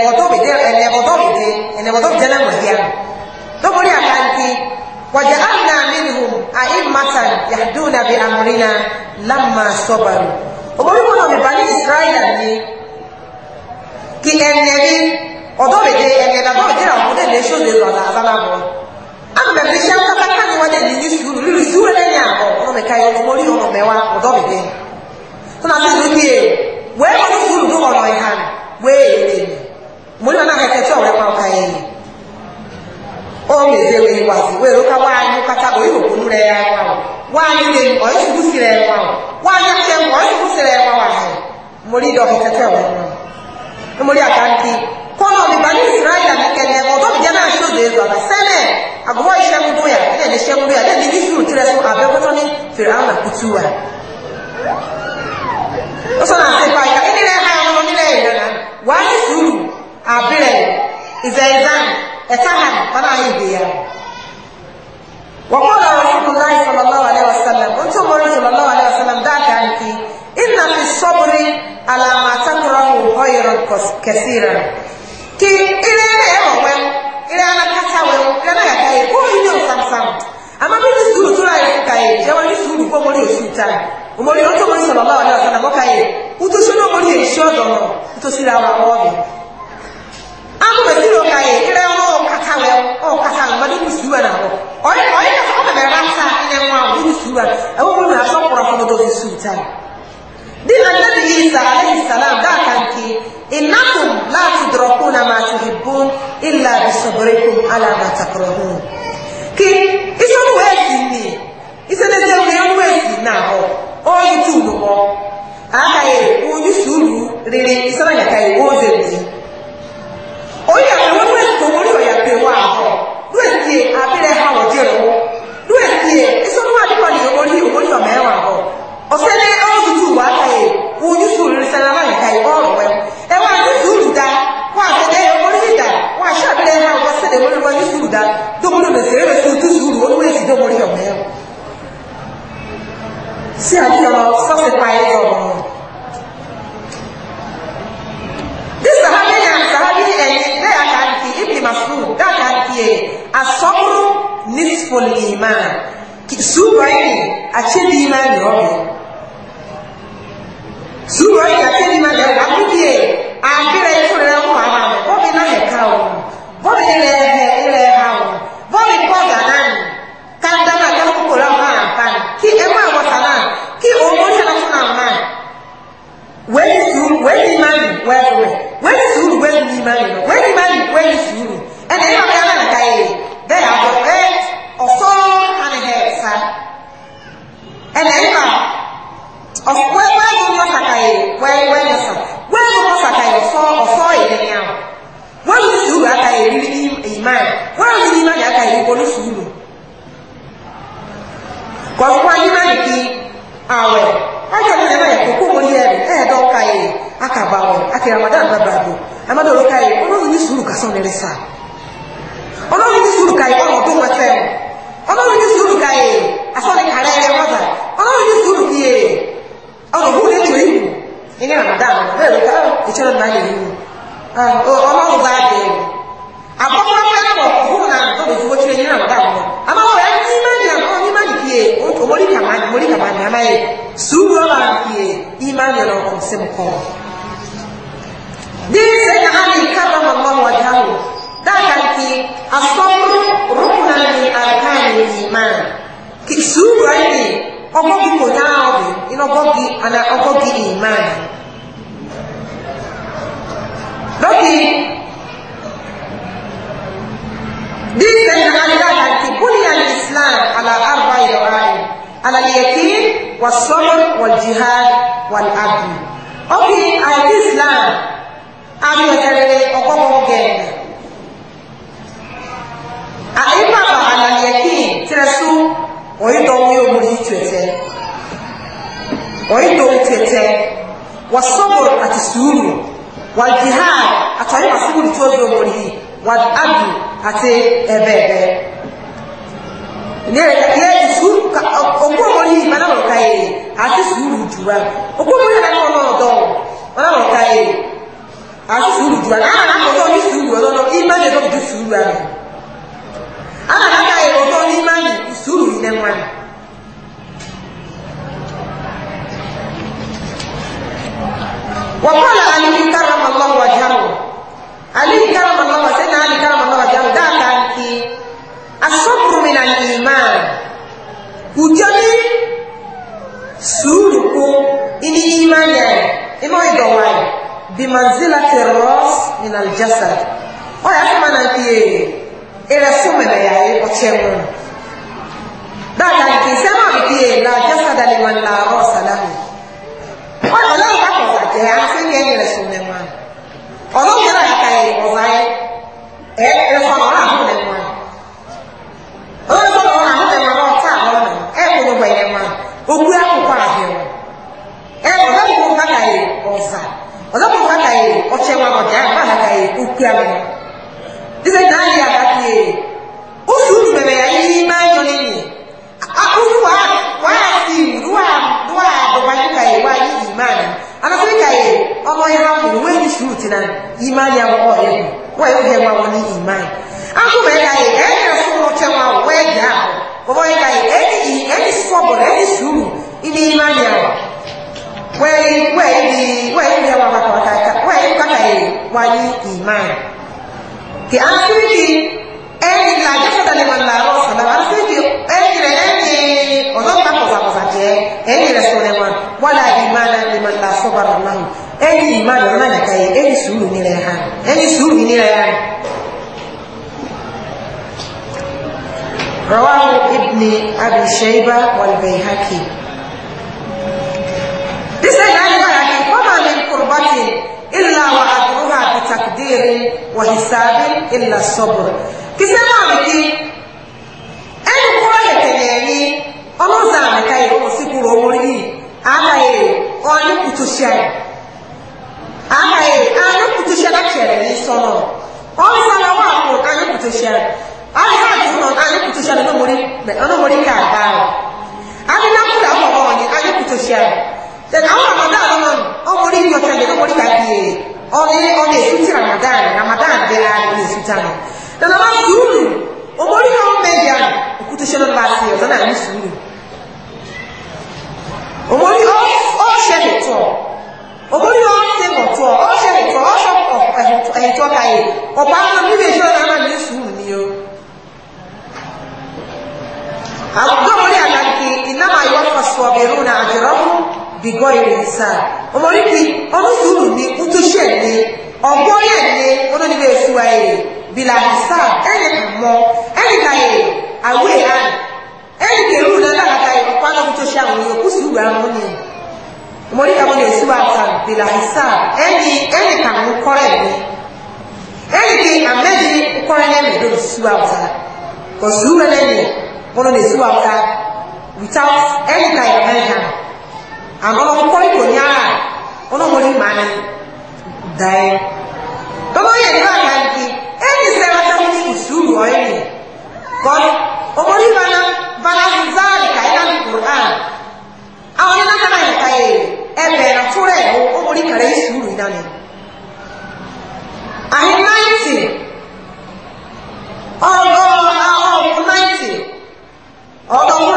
ẹnẹbọtọbìdẹ ẹnẹbọtọbìdẹ ẹnẹbọtọbìdẹ náà mọ yíya lọmọdé àkáǹtì wàjà àmì àmìlìhù àìmàtà yàdúnà bí àmúrínà lámà sọbàrù ọmọbíbọn náà bìbá ní israẹl ni kí ẹnẹbí ọdọbìdẹ ẹnẹbọtọbìdẹ náà ọmọdé lè ṣó lè lọlá àbábàbọ àmì ṣe ń kọ́kọ́ káni wọ́n dẹ̀ ní sùúrù lórí sùúrù lẹ́yìn àbọ̀ ọmọ ẹ̀ka yọ ọmọ orí ọmọ mẹ́wàá ọ̀dọ́bìdẹ tó náà ti lù ú bíi wẹ́ẹ́ kọ́ sùúrù ní ọ̀rọ̀ ìhàn wẹ́ẹ́ muri na gatete ore kwa kaeni omeze we wazi we roka wanyu kata go yo kunure ya wawo wanyu ne oyi gusire wawo wanyu ke oyi gusire wawo muri sene ya ya so na ya na abirɛ izɛnzan ɛta ha ɔna ayɛ bi ya wɔkɔla rasulillahi sallallahu alaihi wasallam nti omori sallallahu alaihi wasallam daaka nti inna fi sɔbiri alamata kura wo ɔyɔrɔ kɛseera ki ire na yɛ wɔ wɛm ire na kasa wɛm ire na yaka yɛ kɔɔ yi ne osamsam ama bi ni suru tura yɛ ka yɛ yɛ wɔ ni suru kɔ omori osu ta omori nti omori sallallahu alaihi wasallam ɔka yɛ utosi na omori yɛ nsi ɔdɔ no utosi na awa wɔbi. Amu bɛ siri o ka ye kira o ka kan wɛ o ka kan ma dugu su na bɔ. Ɔye ɔye ka fɔ bɛrɛ b'a sa ɲɛ ŋo a dugu su na. A ko mun na fɔ kɔrɔ fɔ dɔ su ta. Di na ne bi yi sa ale yi salam da kan ki. Innakum la tudrakuna ma tuhibbun illa bi sabrikum ala ma takrahun. Ki isɔnu wɛ si ni isɛnɛ sɛ wɛ wɛ si na hɔ ɔyi tu nu hɔ. Aka ye o yi suru rere isɛnɛ yɛ ka ye o zɛ di oyè àwọn ló èkó wọn ní ọ̀yà pé wọn àbọ̀ ló èkìyè abẹ́rẹ́ ha wọ̀ díẹ̀ lọ́wọ́ ló èkìyè ìsọ́nù àdúgbò ni òwò ní òwò ní ọ̀mẹ́ wà bọ̀ ọ̀sẹ̀ ní ọ̀rọ̀ tutù wà á kàyè wọ́n ojú sùn lórí sẹ́nà láyé kàyè ọ̀rọ̀ wẹ̀ ẹ wọ́n àti sùúrù da wọ́n àti ẹ wọ́n ní ìdá wọ́n àṣẹ abẹ́rẹ́ ha wọ́n sẹ́nà wọ́n ní wọ́n ní sùúrù da dókòrò bẹ̀sẹ̀ rẹ̀ sùn tú sùúrù ó lóye sí dókòrò ọ̀mẹ́ sí àdúgbò sọ́sẹ̀ pa ẹ̀ ọ̀rọ̀ masud daka tie asabru nisful iman suba ini ache di iman yo suba ini ache di iman yo aku tie akira ifure na ko ama ko bi na he ka o bo bi le he ile ha o bo bi ko ga is is you? wẹ́wẹ́ wẹ́yìn sùúrù wẹ́yìn ní ìmáyì lọ wẹ́yìn ìmáyì wẹ́yìn sùúrù ẹnì yẹn of náà ká yẹ bẹ́ẹ̀ àbọ̀ ẹ ọ̀sọ́ ànìhẹ́ ẹ̀sà ẹnì yẹn you wẹ́yìn ní ọ̀sàkà yẹ wẹ́yìn ẹ̀sà wẹ́yìn ní ọ̀sàkà yẹ fọ́ ọ̀fọ́ ìdẹ́yà wẹ́yìn sùúrù àkà yẹ rí ní is wẹ́yìn ní ìmáyì àkà yẹ is sùúrù kọ̀ọ̀kan ìmáyì kí àwẹ̀ ọjọ́ ìrìnàmọ̀ ẹ̀kọ́ kó wọlé ẹ̀rù ẹ̀ẹ́dọ́ka yẹ aka e, ba wọn aka e. ramadan dabra do amadu oloka yi ọlọrun ní sùúrù kásán lẹrẹ sá ọlọrun ní sùúrù káyé ọrọ tó wọn sẹwọn ọlọrun ní sùúrù káyé asọni kàrẹ ẹrẹ wọn sá ọlọrun ní sùúrù kíyè ọrọ wúlé tó yìí wù ní ramadan bẹẹ lọkọ ìṣẹlẹ náà yẹ yìí ọlọrun bá dé àkọkọ fẹkọ fún náà tó bẹ fún ọtí ní ramadan wọn àmọ wọn ẹni tí ọ ní má nyì kíyè e. omori kàmá omori kàmá nyàmá yẹ sùúrù ọlọrun kíyè ìmá nyà ọkọ sẹmu kọ. دي سيدنا علي كرم الله وجهه ذاك الصبر ركن من اركان الايمان كسورة ọgọ́gì kò náà ọ̀bì iná ọgọ́gì àná ọgọ́gì ìmáà lọ́kì this time na allah na ti buni al islam ala arba yohan ala yakin wa sabr wal jihad wal abdi okay al islam ami wetere ọgbọgbọ oge a ịba ala yeki tresu oyido mi omuri twete oyido twete wasabur ati suru wal jihad atari masubur tozo omuri wal adu ati ebebe ne ye suuru ka ogbo omuri mana ka kai ati suru juwa ogbo omuri mana lo do mana ka kai asùúrù jù àná àkọ́kọ́ ní sùúrù ọlọ́lọ́ ìmáyé ló ju sùúrù àná àkàkà ìrọ̀lọ́ ní ìmáyé sùúrù yìí lẹ́nu àná. wọ́n kọ́ la àlùmí kára there were إلا الصبر كسنا عمتي أنا قوية تنيني أنا زعم كاي أمسكو رومري أنا إيه أنا كتوشي أنا إيه أنا كتوشي لكشري صنو أنا زعم وأقول أنا كتوشي أنا هاجي هون أنا كتوشي أنا موري أنا موري كاي أنا نقول أمور أنا كتوشي تنا أمور ما دارون أموري يوتني أموري كاي ọ̀nà yẹ ọ̀nà èsì ti ramadan ramadan bẹ́ẹ̀ á ní èsì tánà nana wọn sùúrù òmòrí náà ń bẹ yà òkúta ṣẹlẹ bá a ti yẹ ọ̀nà àní sùúrù òmòrí ọ̀ṣẹ́ nìtọ̀ òmòrí ọ̀ṣẹ́ nìtọ̀ ọ̀ṣẹ́ nìtọ̀ ọ̀ṣẹ́ ẹ̀tọ́ káyé ọ̀pá náà níbi èso náà ní sùúrù ni o àwùjọ wọn ni àtàkì ìnáwó ayọ́ fọ̀ṣọ́ bẹ̀rù náà àjẹrọ́mù bìgọ́yìrì nsà ọmọdébi ọmọdébi ni ntòsíẹ̀ ni ọgbọ́yẹ̀ ni ọdọ́dẹ́bẹ̀ efuwa yẹ bìlà nsà ẹ̀yẹ àmọ́ ẹ̀yẹ kàyẹ àwẹ̀ hàn ẹ̀yẹ kẹrù nàdà kàyẹ ọ̀pá náà ntòsí àwọn yẹ kùsì wúrà mọ́ ni ọmọdébi àwọn yẹ efuwa nsà bìlà nsà ẹ̀yẹ ẹ̀yẹ kàmú kọ́rẹ́ ni ẹ̀yẹ kẹ amẹ́bi kọ́rẹ́ ni ẹ̀mí dọ́dọ̀ efuwa nsà kọ̀sùwúrẹ́ ni ọmọdébi efuwa nsà without any kind of hand àmọ́ ọkọ̀ ìkò ní ara ọlọ́mọdé máa ní dáẹ́ gbogbo yẹn ní báyà nìkí ẹni sẹ́wọ́n tó ń fi sùúrù ọ̀yẹ́ kọ́ni ọmọdé bana bana zari kàyẹ́nà ní kùrán àwọn ní nàkàlà yẹn kàyẹ́ ẹbẹ̀ nà fúrẹ́ ọmọdé kàrẹ́ sùúrù ìdáni. àhìn náìtì ọgọ́ ọgọ́ náìtì ọgọ́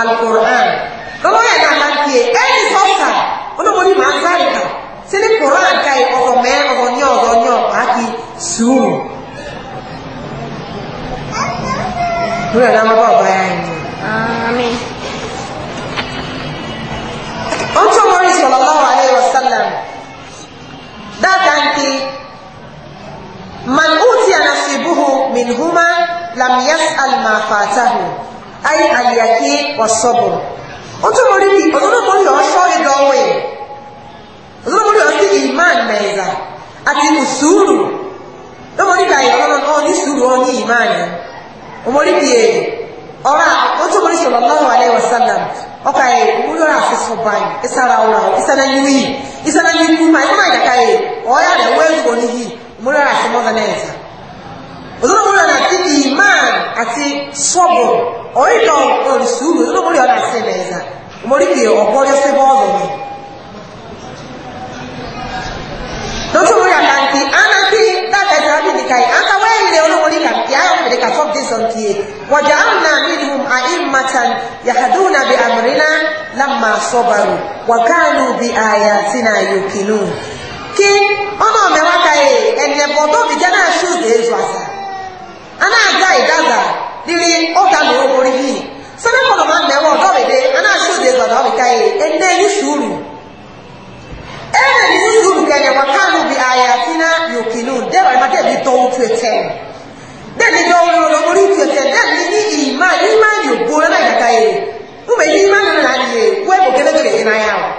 alukur'an lọ́wọ́ yẹn náà láti yẹ ẹni sọ́ọ̀tà olómọdé máa ń sáré kà sí ní kur'an ká yẹ ọ̀dọ̀ mẹ́ ọ̀dọ̀ ní ọ̀dọ̀ ní ọ̀pá kí sùúrù. lórí ẹ̀dá máa bá ọ̀bá yá ẹni. wọ́n tún mọ́rí sọ̀lọ́láwọ̀ alẹ́ wọ́sálàm dáadáa ń pè man uti anasibuhu min huma lam yas'al ma fatahu ayé àyàkí ọ̀sọ́bùn ó tún mọ̀rí bí ọ̀dọ́dọ́mọ̀rí ọ̀ṣọ́ ìdánwò yìí ọ̀dọ́dọ́mọ̀rí ọ̀sí ìmáàn mẹ́ẹ̀dá àti ìsúrù lọ́mọ̀rí dàyẹ̀ ọ̀nà ọ̀ní sùúrù ọ̀ní ìmáàn yẹn ọmọrí bí èyí ọ̀rá ó tún mọ̀rí sọ̀rọ̀ lọ́wọ́ òsòlómọ́rí ọ̀nà àti ìmáàn àti sọ́bù ọ̀ríkà òrìṣùrù òsòlómọ́rí ọ̀nà àti ẹ̀mẹ̀ẹ̀zà òmòríkì ọ̀gọ́rí sí bọ́ọ̀lù ni lọ́sọ̀mọ́rí ọ̀nà àti anáfi dákẹ́tẹ̀ abídìkàì àtàwẹ́ ilẹ̀ olómọ́rí kàkí ayọ̀pẹ̀lẹ̀ kàtọ́ dìsọ̀n kì í wọ̀jà àmà mílùm àìmàtàn yàhàdúnà bí àmìrínà lámà sọ́bàrù wàkánù bí àyà sínà yòkìnú kí ọ̀nà ọ̀mẹ́wákàyè ẹ̀nẹ̀bọ̀dọ́ bìjẹ́ náà ṣùgbọ́n èzù àṣà ana anaga igaza diri oga na ogori hi sani kɔnɔ ma mɛ wɔ dɔ bebe ana asi ode zɔ dɔ bi ka ye ene yi suru ene yi suru kɛnɛ wa kanu bi aya tina yokinu dɛbɛ ma dɛbi dɔw tu etɛ dɛbi dɔw lɔ lɔbori tu etɛ dɛbi ni ima ima yogo lɛ na yi ka ye ume ni ima nana ye wɛ ko kele kele yina ya o.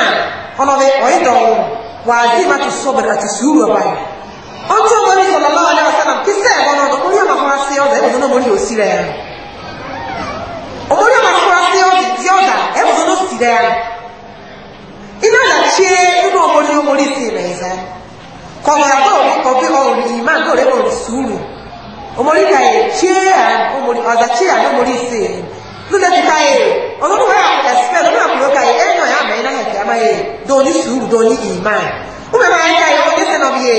náà ọ̀nà bẹ ọ̀yẹ́dọ̀ wọn wà á dì máa tó sọ́bẹ̀rẹ̀ àti sùúrù ọba yìí ọtí ọmọ ní sọlọ lọ́wọ́ ní ọ̀sán náà kíṣẹ́ ẹ̀bọn náà ọmọ ní ọmọ afọwọ́ sí ọ̀dà ẹ̀bùn náà mo ní òsì rẹ̀ ọmọ ní ọmọ afọwọ́ sí ọ̀dà ẹ̀bùn náà sì rẹ̀ iná làkye inú ọmọ ní ọmọ ní sí rẹ̀ ẹ̀sẹ̀ kọ̀ọ̀yà náà kọ̀ọ̀bí ọ̀rùn ìmá náà rẹ̀ ọ̀rùn sùúrù ọmọ ní kàyè kyee à ọ̀dà kyee à ní ọmọ ní sí rẹ̀ lóde kíkà yìí ọ̀nà ma ye dɔw ni suuru dɔw ni iman o bɛ maa yɛ ayɛ o tɛ sɛnɛ bi ye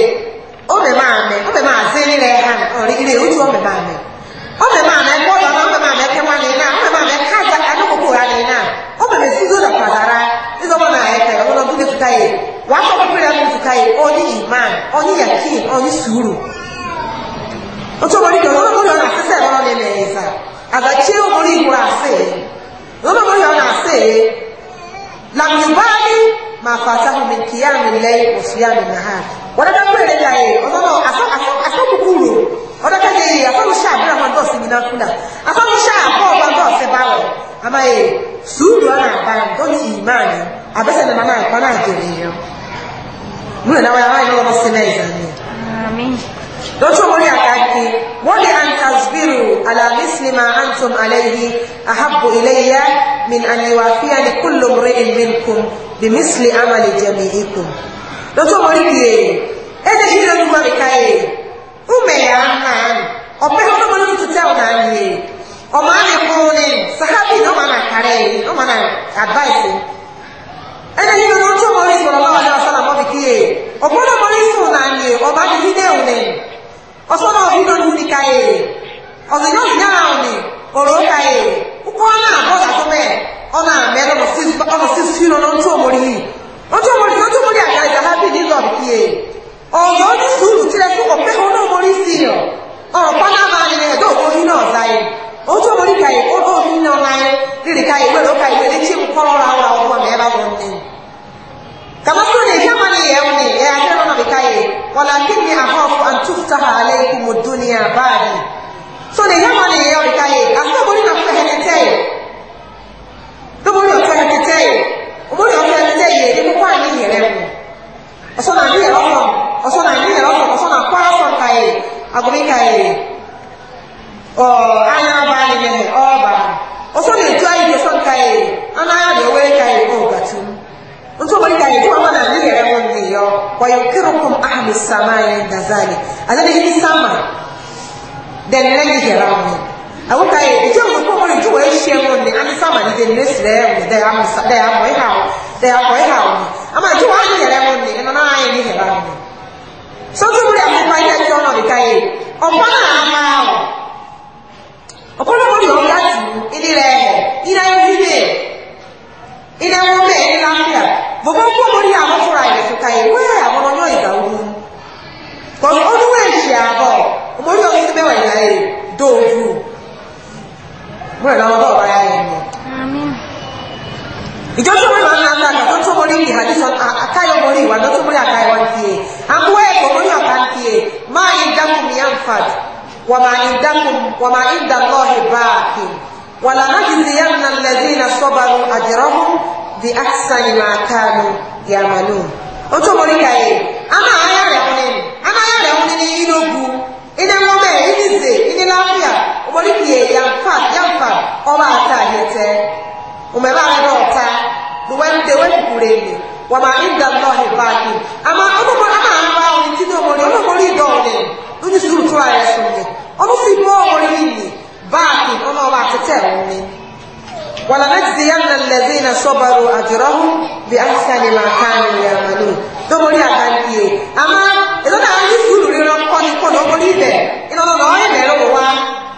o bɛ maa mɛ o bɛ maa zeli rɛ hàn ɔri ire o tu o maa mɛ o bɛ maa mɛ bɔ dɔ la o bɛ maa mɛ kɛ wa ne na o bɛ maa mɛ kaza ani ko ko ya ne na o bɛ mɛ suzo da kpadara nizɔ bɔ maa yɛ fɛ o bɛ bude futa ye wa kɔ bɛ o ni iman o yɔ na a ka tiɲɛ o se lam yubali ma fatahu min qiyamil layl wa siyamil nahar wala da kwere da ye ono no aso aso aso kukuru oda ka ye aso lu sha bra man do si mina kula aso lu sha ko ba do se ba wo ama ye sudu ana ba do ni imani abese na mama kwa na jere yo mwe na wa ya wa yo no se na izani amin dọ́tún mọ́rí àkáàkì wọ́n lè an tasbiru alamisli ma antum alayhi ahabu ilayya min aniwa fiya ni kullu mure ilminkum bi misli amali jami'ikum dọ́tún mọ́rí kìí ẹ̀dẹ̀ kí ló ń gbọ́ mi káyé ume ya ha ọ̀pẹ́ ọ̀pẹ́ mọ́rí mi tuntun àwọn àmì yìí ọmọ àmì kúrú ni sahabi ní ọmọ náà kárẹ̀ yìí ọmọ náà advice ẹ̀dẹ̀ kí ló ń tún mọ́rí sọ̀rọ̀ lọ́wọ́ ọ̀dọ̀ ọ̀sán àmọ́ mi ọ̀sìn yóò yá àwọn ni òrò ó kàyè kúkú ọ̀nà àbọ̀dà tó bẹ́ẹ̀ ọ̀nà àmẹ́ ọ̀nà sí sínú ọ̀nà tó mórí yìí ọjọ́ mórí tó tó mórí àgbà ìjàmbá bíi nílò ọ̀bìkìyè ọ̀gá ó ní sùúrù tilẹ̀ tó kọ̀ pé òun náà mórí sí i ọ̀rọ̀ pátá máa ní ẹ̀dọ́ òkòrí náà sáyé ojú mórí kàyè ó náà ní iná láyé rírì kàyè pẹ̀lú kàyè ní tí kọ́ ọ̀rọ̀ àwọn àwọn ọmọ ẹ̀ bá wọn ní. kàmásù ní ìjẹ́ máa ní ìyẹn ní ẹ̀ àjẹ́ ọ̀nà mi kàyè wọ́n so ne nyama ne yɛ ɔde ka yɛ asɛ ɔbɔne na fɛ hɛnɛtɛ yɛ ɔbɔne ɔfɛ hɛnɛtɛ yɛ ɔbɔne ɔfɛ hɛnɛtɛ yɛ ɛmu kɔ anyi yɛ lɛ mu ɔsɔ na anyi yɛ ɔsɔ ɔsɔ na anyi yɛ ɔsɔ ɔsɔ na kɔ asɔ ka yɛ agomi ka yɛ ɔɔ anya ba ne yɛ hɛ ɔba ɔsɔ na etu ayi yɛ sɔ ka yɛ ana ya de ɔwɛ ka yɛ ɔɔ gatu nso ɔbɔne ka yɛ ɛmu ama na anyi yɛ lɛ mu yɛ ɔyɛ ale de yi sama dẹni lẹni yẹra wọn àwọn ta yẹ ìjọ wọn kọ wọn ju wọn ehyia wọn ni ani sábà ni dẹni lẹsirẹ wọn dẹ amọ dẹ amọ ẹha wọn dẹ akọ ẹha wọn ama ju wọn ani yẹra wọn ni ẹnu náà yẹ ni yẹra wọn sọtún wúlò àkókò ayé ẹni ọ̀nà ọ̀dẹ̀ka yẹ ọ̀pọ̀ náà ama wọn ọ̀pọ̀ náà wọ́n yọ ọ̀gá tì í ní rẹ̀ ẹ̀ ìdá wọn bí bẹ́ẹ̀ ìdá wọn bẹ́ẹ̀ ní láfíà bọ̀bọ̀ kó wọn yà wọn fúnra ẹ̀ fúnka yẹ wọ́n yà wọn ọ̀nà ìgbà wọn kọ́ ọdún wẹ̀ àbọ̀ òmòrí ọ̀rẹ́ ti bẹ́wà ìlà èrè dóòfù mọ́ ìlànà ọba ọba ya yẹn mọ́ ìjọ tó mọ̀ náà náà náà tó tó mọ̀rí ìhàdí sọ àkáyọ̀ mọ̀rí ìwà tó tó mọ̀rí àkáyọ̀ ń tiẹ̀ àbúwẹ̀ ẹ̀kọ́ mọ̀rí ọ̀ká ń tiẹ̀ máa ń dákun ní àǹfàd wàmà ń dákun wàmà ń dàlọ́ ìbáàkì wàlà náà yẹn na lẹ́dí na sọ́baru àjẹrọ́hún di àkísàn ìmọ̀ àkáàlù yàmàlú. ó tó mọ̀rí kàyé àmà ayá rẹ̀ wọ́n mmiri inogu ine ngome inize ine lafia omolikwie yamfa yamfa ọba ata ahete omebe arịrị ọta duwende wepụrụ enyi wama inda lọhi baaki ama ọmụmụ ama ahụ ahụ ntinye omori ọmụmụrụ ide ọnị onye suru tụọ ya sonye ọmụ si mụọ omori enyi baaki ọnụ ọba atete ọnị ولنجزين الذين صبروا أجرهم بأحسن ما كانوا يعملون دومولي أكانتي أما إذا أنا عندي mori bẹ ina lọ lọ ẹbẹ lọ wọ wa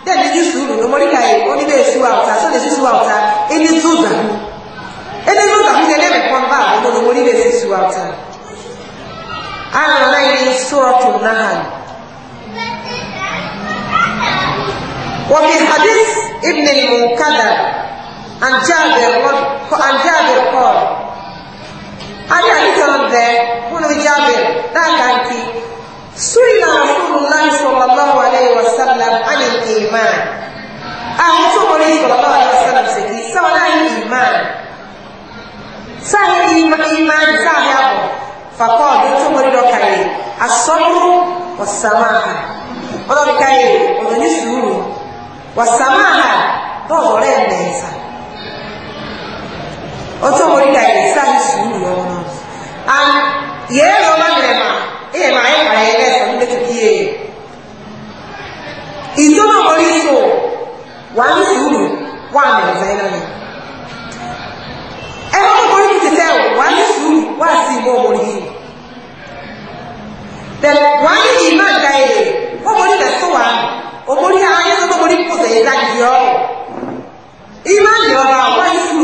dẹ ni ju sùúrù lọ mori ka yi o ni bẹ su awusa sọ de su su awusa ẹni tó zà ẹni tó zà kúndé lẹbẹ kọn bá àwọn ọmọ mori bẹ su su awusa àwọn náà yẹ sọrọ tó náà وفي حديث ابن المنكدر عن جابر عن جابر قال أنا أتمنى هنا جابر لا كانتي سئل رسول الله صلى الله عليه وسلم عن الإيمان أهل صلى الله عليه وسلم سكي سوى الإيمان سهل إيمان سهل فقال صلى الله عليه الصبر والسماحة ọlọ́run káyé ọ̀rọ̀ ní sùúrù wàsàmáà bọ́ọ̀lù rẹ̀ ń lẹ́sà ọtọ́ orí káyé sáà ní sùúrù lọ́wọ́ náà yẹ́rọ ọmọ mìíràn e ma e ma ele so mbe kiye izo ma ori so wa ni suru wa ni ze na ni e ma ko ori ti se o wa ni suru wa si bo ori then wa ni iman da ile o mo ni da so wa o mo ni aye so mo ni ko o iman yo ba wa ni suru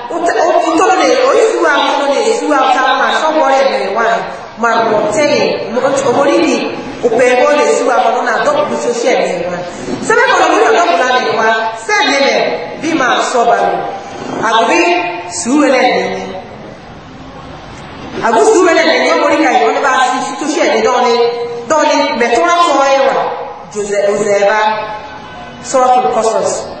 utolole osuwa utolole suwa utama sɔgbɔre mɛ wa marubɔ tɛyɛ omoridi upɛgɔle suwa kɔnɔ na dɔkulu sosiɛ na dɔkula mɛ wa sɛbi mɛ bi ma sɔba lo agobi suwe lɛ nɛni agobi suwe lɛ nɛni omori ka yi wɔn ba si sosiɛ ni dɔɔni dɔɔni mɛ tɔla sɔrɔ ye wa jose ozɛba sɔrɔ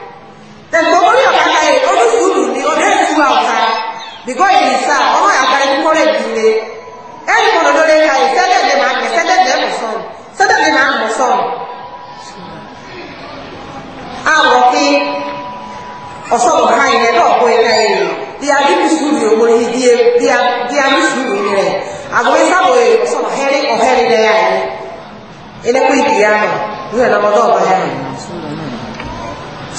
ẹ̀kọ́ orí ọ̀kadà yìí olùsùlù ni ọ̀dẹ́ ìtura ọ̀ka bìgọ́ ìlú sá ọmọ àgbà ẹni kọ́rẹ́ ìdílé ẹni kọ́ lọ́dọ́ lé ka ìsẹ́dẹ̀dẹ̀ máa kẹ sẹ́dẹ̀dẹ̀ mọ̀ sọ́n sẹ́dẹ̀dẹ̀ máa mọ̀ sọ́n. àwọ̀ kí ọ̀sọ́ ọ̀ka yìí ẹ̀dọ́ ọ̀pọ̀ ẹ̀ka yìí bí a bí sùúrù ògbó ni e, bí a bí sùúrù rẹ̀ àgọ́ ìsáwọ̀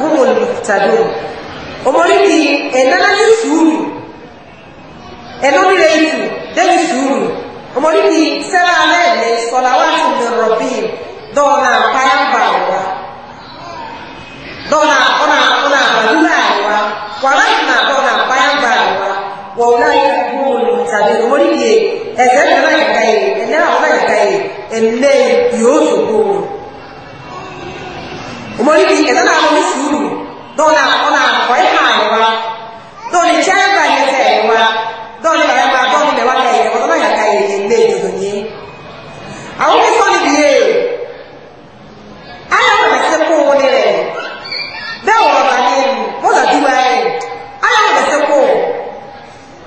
mùtàdó ọmọdé ti ẹ̀nana ní sùúrù ẹ̀nọ́ni rẹ̀ yìí dẹ́bi sùúrù ọmọdé ti sẹ́ra alẹ́ ẹ̀lẹ́ sọ̀lá wà ti nà rọ̀bì dọ́ọ̀nà pàyàmbà wa dọ́ọ̀nà ọ̀nà ọ̀nà àbàdúrà wa wàrà ìnà dọ́ọ̀nà pàyàmbà wa wọ̀ọ̀nà ìgbìmọ̀ mùtàdó ọmọdé ti ẹ̀ẹ́dẹ́gbẹ̀rẹ̀ kàkàyè ẹ̀nẹ́ àwọn kàkàyè ẹ̀nẹ́ yóò sọ̀kọ̀ omori bi ɛna na ɔmo suru dɔw na ɔna ɔyɛ ha ɛwa dɔw ni kyɛn ba yɛ sɛ ɛwa dɔw ni ɔyɛ ba dɔw ni ɛwa ka yɛ ɛwa dɔw yɛ ka yɛ yɛ lé dodo nye awo bi sɔli bi yɛ ayɛ ɔmo bɛsɛ kóo ni rɛ bɛɛ wɔ ɔba ni yɛ mo la du wa yɛ ayɛ ɔmo bɛsɛ kóo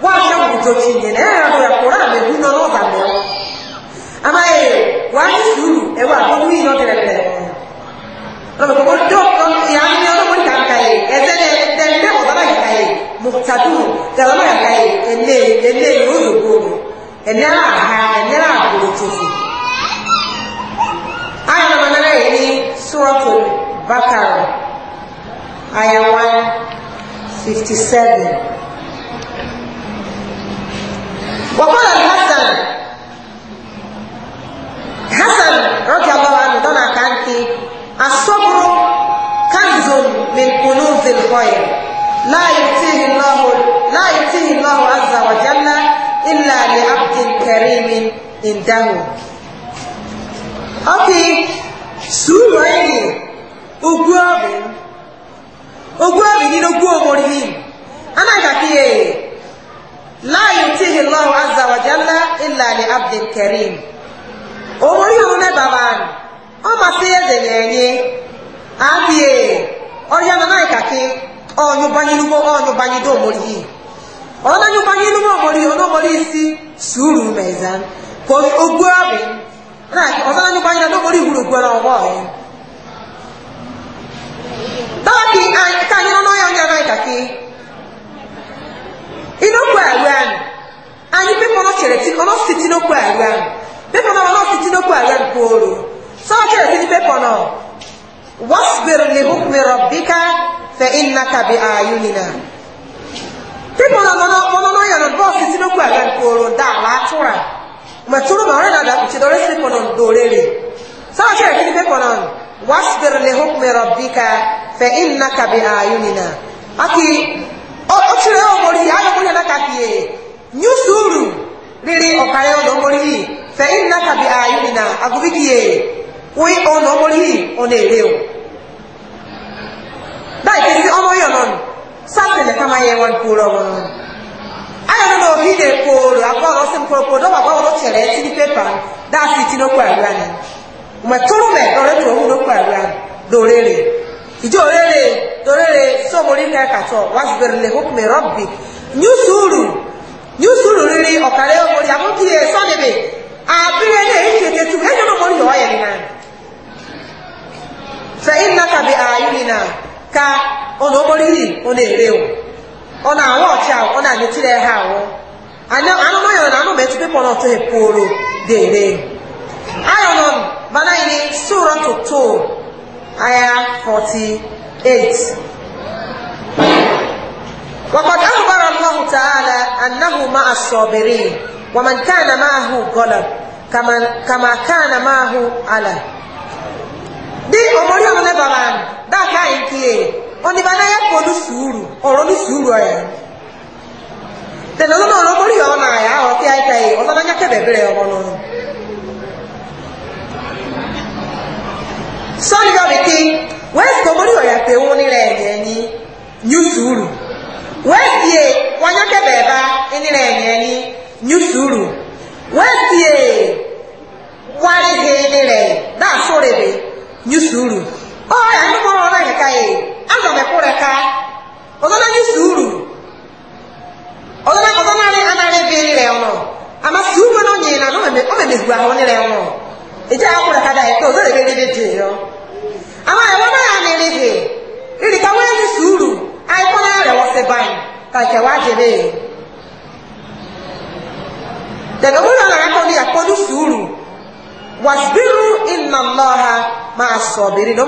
wɔ ahyɛ ɔmo tó tsi nyɛ na ɛyɛ ɔmo yɛ kóra mi du nɔ n'ɔba mɛ wɔ ama yɛ wɔ ayi suru lọ́nà kòkó tó kan ìyá ní ọlọ́wọ́ ìyá nǹkan yìí ẹ̀sẹ̀ ní ẹ̀ẹ́dẹ́ ọ̀bá bá yìí kàyè mùtàdù tẹ̀lọ́mà yà kàyè ẹ̀lẹ́ ẹ̀lẹ́ ìrọ̀lùkòrò ẹ̀lẹ́ àhà ẹ̀lẹ́ àbòrò tòfò. ayọ̀lọ́mọ náà yìí ní sọ́ọ̀tù bákàrọ̀ ayẹwà fifty seven. fɛ inna ka bi aki ɔtwerɛ ɔmɔri yi ayɔ mɔri yɛ n'aka fie nyusuru riri ɔkara ka bi ayunina agobi kie wui ɔna ɔmɔri yi o Na kesi ɔmɔ yɛ ɔnɔ no sáfìlì kama yɛ wɔn kúrò wɔn ayɔ nínú òbí de kóòlù agbọ́dọ̀ ọsẹ nkórópó dọ́wọ́ agbọ́dọ̀ tẹ̀lé ìjọ òrèrè torèrè sóòmùrí kẹkàtọ̀ wáṣùgbẹ̀rẹ̀lẹ̀ hókùnmí rọ́bì ní sùúrù ní sùúrù rírí ọ̀kàrẹ́ òmùrí àmúkìyè sọ́nìbì àbílẹ̀ ilé ìkéde tù ẹ̀jẹ̀ náà mọ̀rí ọ̀yẹ̀ nínà. fẹ́ iná kàbí ààyè na ka ọ̀nà òmùrí yìí ọ̀nà èrè o ọ̀nà ọcha ọ̀chà ọ̀nà ànyẹ̀tìrẹ̀ ha àwọ̀ anụmanụ na anụmetụ pepọ na ọtọ eporo dere ayọnọn mana ihe sụrọ ntụtụ ayah 48 وقد أخبر الله تعالى أنه مع الصابرين ومن كان معه غلب كما كما كان معه على di omori ọmọ lẹba wa dáka ìkìlẹ oníbà náà yẹ kó ní sùúrù ọrọ ní sùúrù ọyà tẹnudọ́nà ọ̀rọ̀ omori ọmọ náà yà ọ̀rọ̀ kí á kẹ́ ẹ̀ ọ̀sán náà nyà kẹ́ bẹ̀rẹ̀ ọmọ náà. sọ́ọ́lì yọ̀ mí kí wẹ́ẹ̀sì tó mórí ọ̀yà pé wọ́n nílẹ̀ ẹ̀yẹ ẹ̀yìn nyú sùúrù wẹ́ẹ̀sì yẹ wọ́n yọ kẹ́bẹ̀ ẹ̀bá nílẹ̀ ẹ̀yẹ ẹ̀yìn nyú sùúrù wẹ́ẹ̀sì yẹ wáyé he nílẹ̀ dáàsó rẹ̀ bẹ̀ nyú sùúrù ọ̀ ẹ̀ ní mọ́ ọ̀rọ̀ yìí ká yẹ azọ̀ mẹ́kú rẹ̀ ká ọ̀dọ́nà nyú sùúrù ọ̀dọ́nà ọ̀dọ́nà rẹ̀ anárẹ̀ bẹ̀ nílẹ̀ ọ̀nà àmà sùúrù náà nyẹ̀ ẹ̀kọ́ òṣèré mi rírí tè yọ. àwọn ẹ̀wọ́n náà mi rí ka rírí ká wọ́n ya sùúrù àìkọ́ náà rẹ̀ wọ́n ṣe báyìí kàkẹ́ wá jèrè. tẹ̀lé owó náà nàá kọ́ ní àkọ́dú sùúrù wàsíbírù iná lọ́ha máa sọ bèrè ní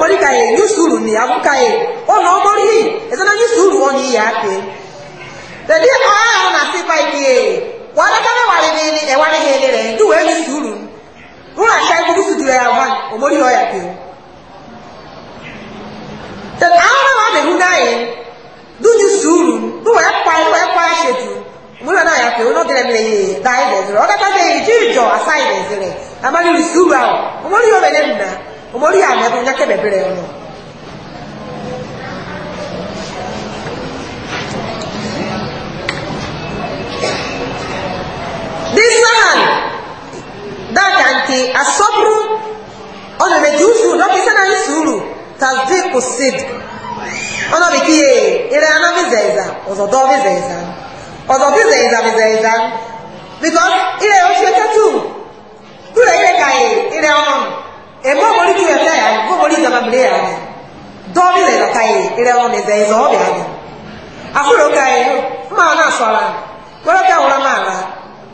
wọn àṣà ibi ní sùdúrà yà wọn òmòrí ọ̀yà pé o. tẹ̀lé àwọn ọmọ àmì ìhun náà yẹn sùúrù ní wọ́n ẹ̀kọ́ ẹ̀kọ́ ẹ̀kọ́ àṣetù òmòrí ọ̀nà pé o lọ́dẹ̀rẹ̀ mi lè dá ẹ̀dẹ̀ rẹ̀ ọ̀dọ́ta bẹ́ẹ̀ yìí jírí jọ àṣà ẹ̀dẹ̀ rẹ̀ àmàlùrì sùúrù àwọn òmòrí ọ̀bẹ̀ lẹ́nu náà òmòrí àmì ẹ̀bùn nyákẹ́ bẹ̀bẹ̀rẹ̀ ọ̀nà. this man dáadáa nke asọ́bùrù ọ̀nàmẹ̀ jù sùúrù lọ́kì sẹ́nà ní sùúrù tàbí kò sídì ọ̀nà bìkì yé eré aná bí zẹ̀ẹ̀zà ọ̀zọ̀dọ̀ bí zẹ̀ẹ̀zà ọ̀zọ̀ bí zẹ̀ẹ̀zà bí zẹ̀ẹ̀zà because ilẹ̀ yóò ṣe tẹ́tù kúrò ilé kàyè ilẹ̀ ọ̀nà ẹ̀gbọ́n mọ́lí kí ẹ̀fẹ́ yà gbọ́n mọ́lí ìjọba mìíràn yà rẹ̀ dọ́ọ̀lì rẹ̀ kàyè ilẹ̀ ọ̀nà zẹ̀ẹ̀zà ọ̀bẹ̀ àgbẹ̀ àfúrò kàyè máa náà sọ̀rọ̀ wọ́n lọ́kẹ́ àwòrán máa rà á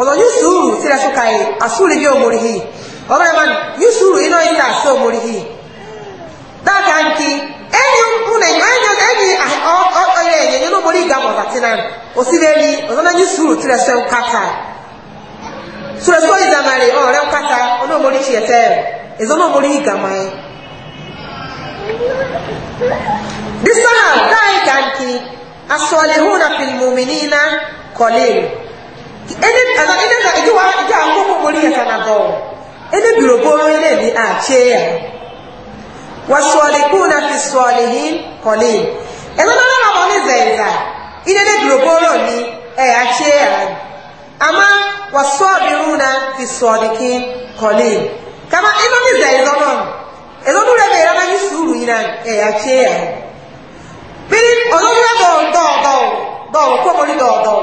ọzọ yóò tí sílẹ̀ sọ́ka yìí àsúrì bí omori yìí ọ̀rọ̀ ẹ̀ma yóò asụ iná yìí náà sí omori yìí dáàkà nkì ẹ̀yìn múnẹ̀ ẹ̀yìn ẹ̀yìn ọ̀yẹ̀ ẹ̀yẹ̀ yẹn omori ìgbà bọ̀ bàtí náà òsì bẹ́ẹ̀ ni sọ́ kàtà sọ́ ìdàmàlè ọ̀rẹ́ kàtà ọ̀nà omori ẹ̀tẹ́ ẹ̀ ele ana ele ka ike wa ike akọ kọkọrọ ihe ka na gọọ ele biro boro ele ni a chee ya wasuọliku na fi suọlihi kọli ẹgbẹ na na wọn ní zẹnza ile ele biro boro ni ẹ e, a chee ya ama wasuọbiru na fi suọliki kọli kama ebe ni zẹnza náà ẹlọmú rẹ bẹ yẹra náà ni sùúrù yìí náà ẹ e, a chee ya bí ọlọmú rẹ bọ dọọdọọ dọọ kọkọrọ dọọdọọ.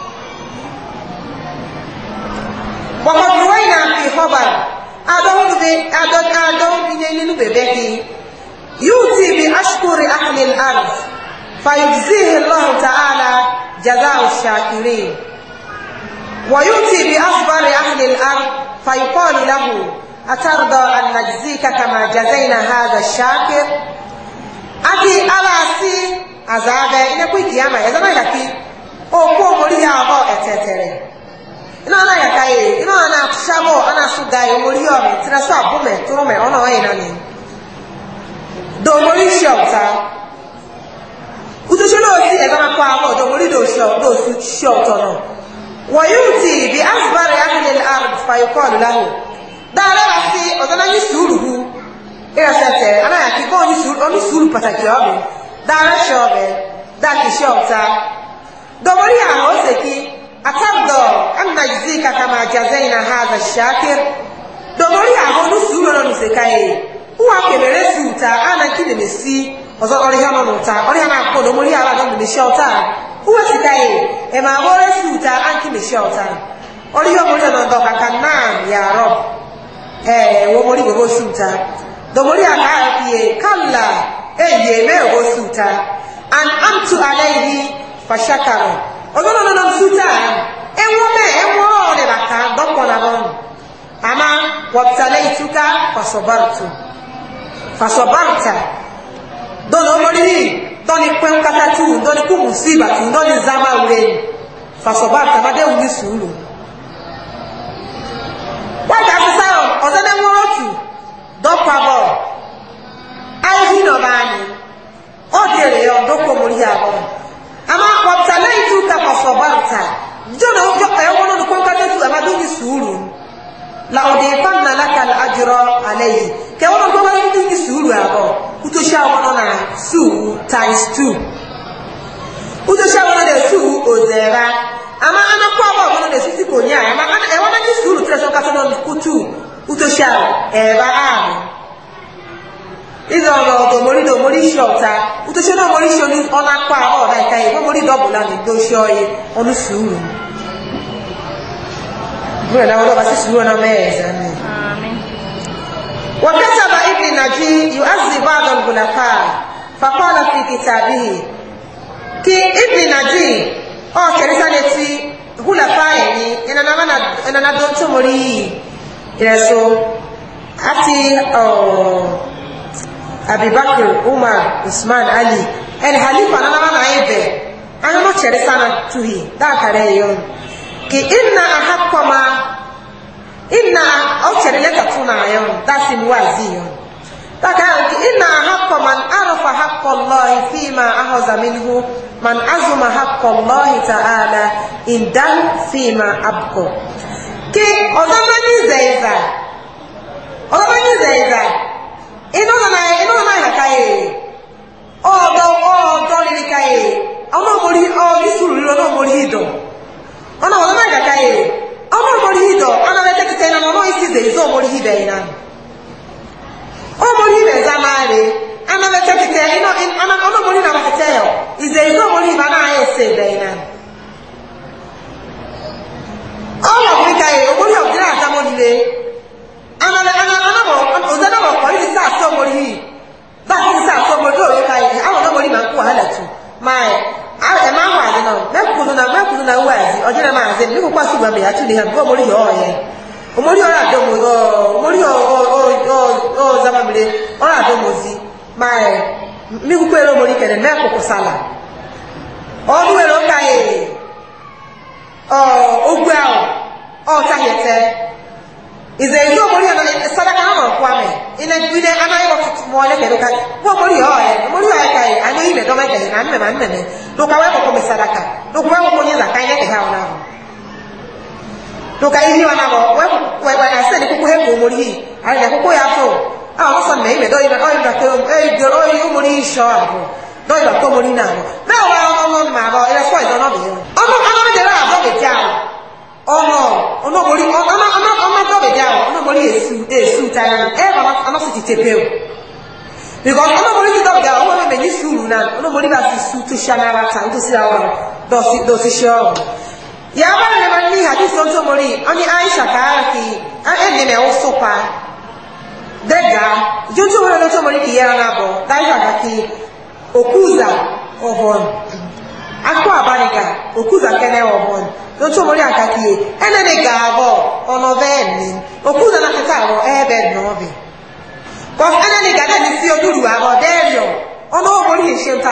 bọ̀kọ̀dé wọ́n yìí náà fi họ́bà adọ́wọ́dé adọ́wọ́dé nínú bèbè kí yóò ti bi ashkuri ahlil ard fayudzihi allahu ta'ala jazaa shakirin ويؤتي بأخبار أهل الأرض فيقال له أترضى أن نجزيك كما جزينا هذا الشاكر أتي ألا سي أزاغي إنكو كياما إذا ما يكي أو كو مريا أبو أتتري ina na ya kai ina na shamo ana su ga yo mori yo me tira so abu me turo me ona e oyin na ni do mori sho ta uto sho lo ti e ba pa mo do mori do sho do su sho to no wa yuti bi asbari ahli al ard fa yuqalu lahu dara wa si odana ni suru ira sete ana ya ki ko ni suru oni suru pataki obi dara sho be da ki sho ta do mori atabdɔ amna yuzi kaka ma jazai na haza shakir domori aho nu su uro nu sekai uwa kebere su ta ana kine mesi ọzọ ọrị ha nọ n'ụta ọrị ha na-akpọ domori ala nọ mmeshi ọta uwe sekai ema ahore su ta anki meshi ọta ọrị ha omori nọ ndọ kaka na ya rọ ee womori gogo su ta domori ala ahụhie kalla eyi eme ogo su ta an alaihi fashakara ọdún ọdún ọdún sútà ẹwọ mẹ ẹwọ ọrẹ bàtà dọpọnà lọrùn àmà wọtàlẹ ìtúkà fàṣọbàrùtù fàṣọbàrùtà dọnà ọmọdé yìí dọni pẹ́ń kátàtù dọni kúkú sí ìbàtù dọni zama wúre fàṣọbàrùtà bàdé wù ní sùúrù wájà sísá ọ̀sẹ̀dẹ̀ ńwọ́rọ̀tù dọ́pọ̀ abọ́ ayé hìnnà báyìí ó dèrè ọ̀dọ́kọ̀ mórí ama kɔpita lẹ́yìn tó ta kɔsɔ bàtà jọna o jɔka yɛ wɔlɔ nukun ka lẹtu ama bɛ ni suuru la o de fa nana ka adurɔ ale yi kɛ wɔlɔ nukun ka lẹtu ni suuru abɔ kutusi awɔlɔ na suu times two kutusi awɔlɔ de suu ozɛra ama ana kɔ abɔ awɔlɔ de sisi ko nya ama ɛwɔ na ni suuru tɛ sɔn ka sɔn na kutu kutusi awɔ ɛɛba aamu iza ọ̀nà ọ̀dọ̀ mori do mori ṣe ọ̀ta utoṣe náà mori ṣe ọ̀nà pa àbọ̀ ọ̀dà ìka yìí wọ́n mori dọ̀bù náà nígbó ṣe ọyẹ ọ̀nù sùúrù múlẹ̀ náà wọ́n bá sí sùúrù náà mẹ́ẹ̀ ẹ̀zá ni. wọ́n kẹ́sà bá ibi nàjí yóò á sì bá àdọ̀ gbọ̀nà pa pàpà ọ̀nà fi kìtà bí kí ibi nàjí ọ̀ kẹ̀lẹ́sà lè ti húlà pa ẹ̀yìn ẹ̀nà àdó tó mori yìí rẹ̀ so àti ọ̀ọ́ abubakar umar usman ali ɛn halifa nanaba na ayɛ bɛ anyɔnɔ kyɛrɛ sana tuhi daakara yɛ yɔn ki inna aha kɔma inna ɔkyɛrɛ lɛta tu na ayɛ yɔn daasi mu waazi yɔn daakara ki inna aha kɔma arafa ha kɔlɔhi fiima ahɔza minhu man azuma ha kɔlɔhi ta'ala indan fiima abkɔ ki ɔdɔbɔ nyi zɛyza ɔdɔbɔ nyi zɛyza inú nana yẹ inú nana yẹ ka yẹ ọdọ ọdọ rírì ka yẹ ọmọ mori ọdí sùúrù rírì ọmọ mori yìí dọ ọmọ wọn nana yẹ ka yẹ ọmọ mori yìí dọ ọmọ bẹ tẹkítẹ nana ọmọ yìí sísè yìí sọ mori yìí bẹ yìí nà ọmọ mori yìí bẹ zá máa rè ọmọ bẹ tẹkítẹ ọmọ mori nà bàtẹ tẹ yọ ìzè yìí sọ mori yìí bá náà yẹ sè bẹ yìí nà ọmọ mori ka yẹ ọmọ mori ọdí náà. ìṣá náírà tà nítorí sí àwọn dọ̀sí dọ̀sí ṣe ọ̀rọ̀. yàrá aisha kàárà kì í ẹ̀mí mẹ́ ó sopa dẹ́gà jójú wọn ló tó mọ́rí kì í yẹra náà bọ̀ dáìsà kàkì òkúzà ọ̀hún akọ àbániga òkúzà kẹ́nẹ́ ọ̀hún ni òkúzà náà kẹta àwọn ẹ̀ẹ́bẹ̀ẹ́ náà bẹ̀ kọ́ ẹ̀nẹ́ni ni sí ojúlù àwọn dẹ́ẹ̀rì ọ̀ ọ̀nà òmòrí ìṣe ń ta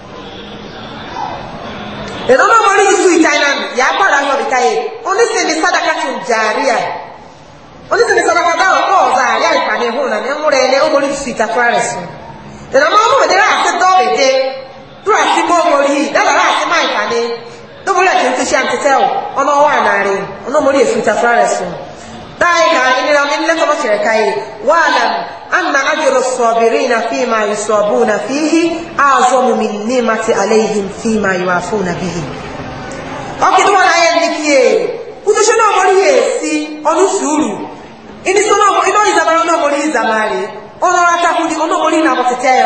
ẹ̀rọ náà wọ́n rí isu ìtàyìnà yà á pàrọ̀ àwọn ọ̀bìkà yìí oníṣẹ́ni sádàkà ti ń jà àríyá oníṣẹ́ni sádàkà bá ọ̀pọ̀ ọ̀zà àríyá ìpàdé hù nà ní múrẹ̀ ẹni ó mórí isu ìtàkùrà rẹ̀ sùn ẹ̀rọ ọmụ wọ́n mọ̀dé láti dọ́ọ̀lì dé tó àti bó mórí dábàá láti má ìpàdé tó mórí àti ti ṣe àǹtẹ̀tẹ̀ ọ̀nà ọwọ́ àná rẹ̀ ọ̀nà mórí èso ìtàkùrà دائما na من لكم شركي واعلم أن أجر الصابرين فيما يصابون فيه أعظم من نعمة عليهم فيما يوافون به ọkì tó wà láyé nìkí ẹ̀ kútóṣẹ́ náà mọ́rí yẹ̀ sí ọdún sùúrù inisọ́ náà iná ìzàmàrà náà mọ́rí ìzàmàrà ọlọ́rọ̀ àtàkùnrin ọlọ́mọrí ìnàbọ̀ tẹ̀tẹ̀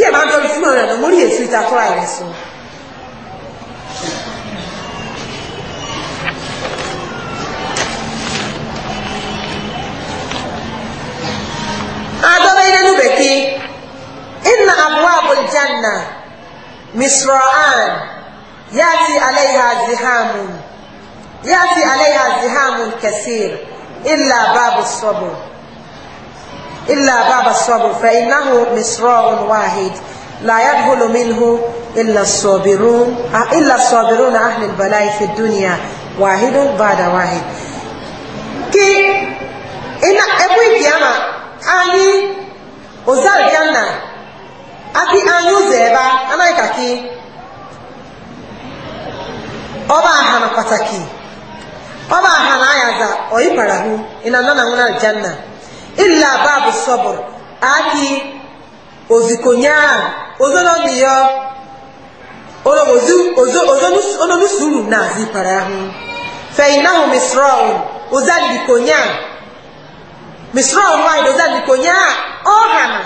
bí ẹ̀ bá ń tọ́jú súnmọ́ rẹ̀ lọ mórí èso ìtakọ́ra rẹ̀ sọ. adọ́bẹ̀ yẹn ló bẹ̀kí iná àbúrò àbòjánà misra'an yàtì aláìhà zihamu yàtì aláìhà zihamu kẹsìr ilà bàbù sọ́bù. إلا باب الصبر فإنه مصراء واحد لا يدخل منه إلا الصابرون إلا الصابرون أهل البلاء في الدنيا واحد بعد واحد كي إن أبوي ديانا أني أزال ديانا أكي أنيو زيبا أنا يكاكي أبا أحنا فتاكي أبا أحنا أيازا أي براهو إن أنا نغنى الجنة illa babu sabr aki ozikonya ozonomiyo ozolusuru nazi para ahụ feinahu misraun ozalikonya misraun wide ozalikonya ọhana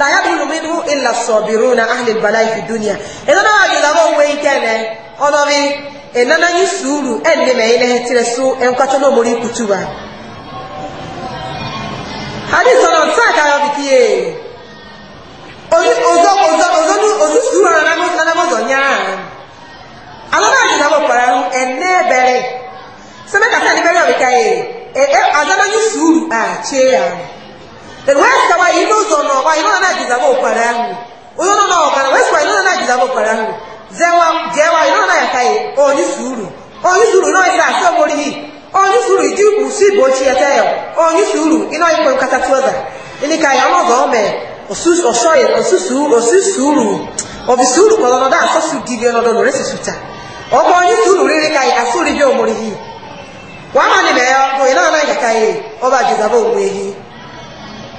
la yabulu minhu illa sabiruna ahli albalai fi dunya ina na wajula ba we ikene ono bi ina na yusuru enne me ile hetire su en kwatono mori kutuba adi sọ̀rọ̀ tí àkàrà bìkì yé ozó ozó ozó ní ozuzu ọ̀rọ̀ náà nàmọ́zọ̀ nyáà alọ́nà àjùdá bọ̀ pàrọ̀ ẹ̀hún ẹ̀nẹ́ bẹ̀rẹ̀ sẹ́mi kàtà ní bẹ̀rẹ̀ ọ̀bìkà yé ẹ̀ àdáná ní sùúrù àkyé yà wọ́n ẹ̀sẹ̀ wa yìí lóòzọ̀ nọ̀ wa yìí lọ́nà àjùdá bọ̀ pàrọ̀ ẹ̀hún ozó nọ̀ ọ̀kan wọ́n ẹ̀sẹ̀ wa yìí lọ́nà àjùdá bọ̀ pàrọ̀ ẹ̀hún zẹ́wà jẹ́wà yìí lọ́nà àyàkà yé ọ̀ ní sùúrù ọ̀ ní sùúrù náà yìí onye suru iji ukwu si bụ ochi ete ya onye suru ịnọ ikwe nkata tuoza ịnị ka ya ọnọdụ ome ọsọyị osusu osusu uru obisi uru kpọrọ nọdụ asọsu dibi ọnọdụ nọrọ esusuta oge onye suru riri ka ya asụ omori hi wa ma na ya ko ina na ga kai o ba ji zabo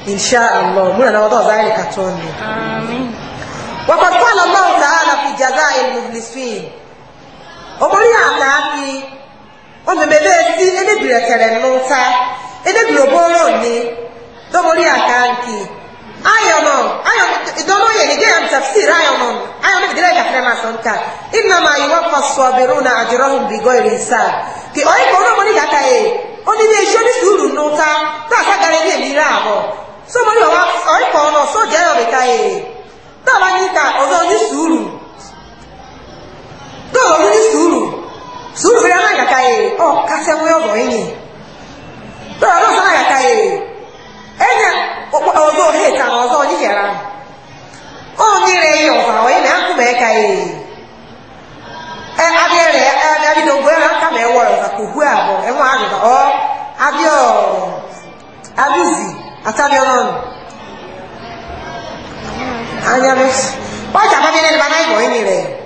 Allah na wado ka ya ọmọbẹbẹ ẹtí ẹdẹbìrì ẹtẹrẹ nnúta ẹdẹbìrì ọbọrọ ni dọbọrí àkáǹkì ayọmọ ayọ ìdọmọ yẹn ní gẹyàm tafsir ayọmọ ayọmọ ìdílé ìdàkẹrẹ máa sọ nǹkan ìnàmà ìwọ kọ sọbìrún náà àjọrọ hùn bìgọ ìrìn sáà kì ọyìn kọ ọmọ ní kàkà yẹ ọdún ní iṣẹ́ ní sùúrù nnúta tó àṣàgàrẹ ní èmi rà àbọ̀ sọmọlì ọwọ ọyìn kọ ọmọ sọjà ẹ̀rọ nìka yẹ tó àbá ní ká ọ̀dọ́ ní sùúrù tó ọ̀dọ́ ní sùúrù sufi ya na kaka ye ɔ kasɛ mu yɛ yi nye tɔlɔ ɔlɔ sɔn na kaka ye ɛnyɛ ɔzɔ ɔhe ta na ɔzɔ ɔnyi yɛra ɔnyi rɛ yi ɔfa ɔyɛ na ɛku mɛ ka ye ɛ adi yɛ rɛ ɛ adi do gbɛ na aka mɛ wɔ ɔza ko hu abɔ ɛmu adi na ɔ adi ɔ adi zi ata bi ɔnɔ anya bi wajaba bi ne ba na ibɔ yi ni rɛ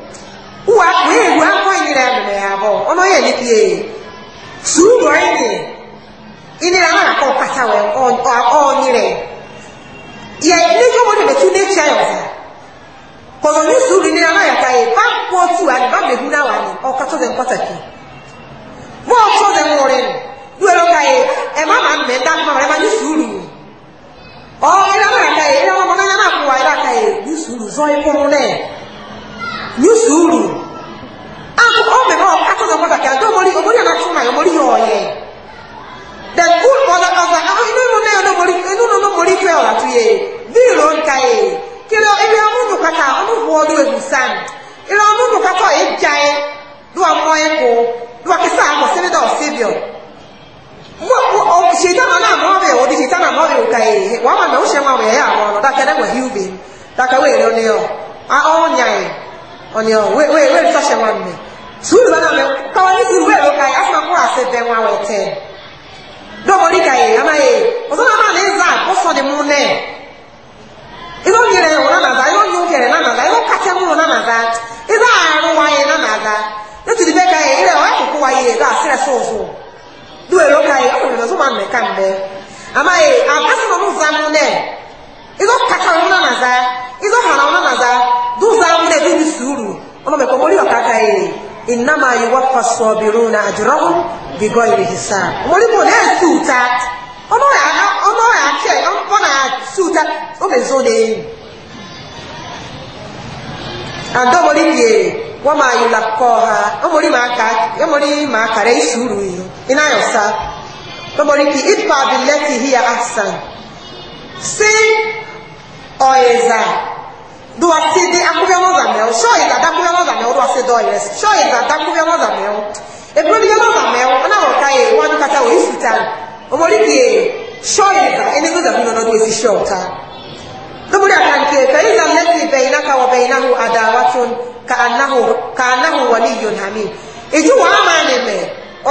uwa wee wu akọ inyere ya mere ya abụọ ọnụ ya nyepie suugo ịnye inyere ha akọ kata wee ọnyere ya n'ejo mo nebe tu n'echi ayọ ọza kọrọ ní suuru inyere ha yaka ya ba kwuo tu a ba mehu na wani ọkatọ dị mpataki mụ ọtọ dị nwụrị duero ka ya ema ma mme ndị ahụ ma ema ní suuru ọ ịra mara ka ya ịra mara n'anya na-akwụwa ịra ka ya ní suuru zọọ ịkwụrụ n'e ní sùúrù àwọn ọmọ ẹ̀kọ́ akọ́nà ọmọ bàkẹ́ àdó omori omori àná tún náà omori yọ ọ̀yẹ́ insan mori mo na suuta ọmọ ya ọmọ ya kẹ ọmọ na suuta o bẹ zo de àdó mori die wọn máa yọ lakọ ha ọmọdé máa ka ọmọdé máa kàrẹ ìṣúrù yìí iná yọ sá ọmọdé kì í pa abilẹ́tì híya asan sí ọ̀yẹ̀zà duwasi di akubia mọ́zà mẹ́wọ́ sọ́ọ̀yẹ̀zà dákúbia mọ́zà mẹ́wọ́ duwasi dọ̀ yẹrẹ sọ́ọ̀yẹ̀zà dákúbia mọ́zà mẹ́wọ́ ebúrò bí yẹn ta wòye fita omori die shɔyi ba ɛni ko zamu nɔnɔ de si shɔ ta lóbulí àkànkè kẹ́yìn náà lẹ́sìn bẹ̀yìn náà káwọ́ bẹ̀yìn náà àdáwà tún ka anahu ka anahu wọlé yòn hami èjì wọ́n á máa nìmẹ̀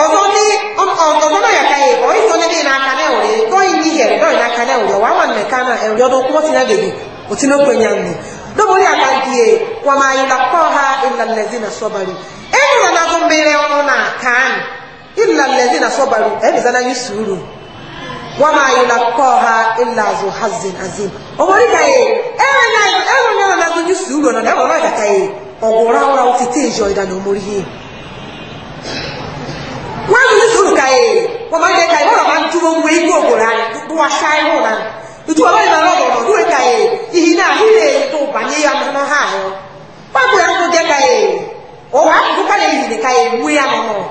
ọ̀dọ́ ní ọ̀dọ́ náà yàtá yìí ọ̀yìn illa alladhina sabaru ebizana yusuru wama yulaqaha illa zu azim kai na zu yusuru na na ba kai ogora ora utite enjoy da no mori nọ wa yusuru kai de kai tu mo wa shai ho na itu wa na ro do du to ya na ha ho pa ko ya ko de kai o wa ku kai ya no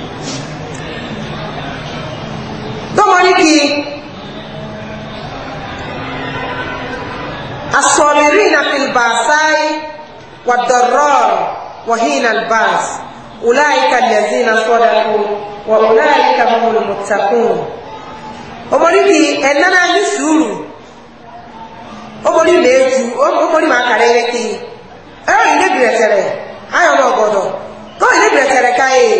domoniki الصابرين في الباساء والضراء وحين الباس أولئك الذين صدقوا وأولئك هم المتقون omoriri ẹnana ni sùúrù omori n'eju omori ma kara ereke ẹ ọ ilé bìrẹsẹrẹ ayọ n'ọgọdọ tó ilé bìrẹsẹrẹ ka ee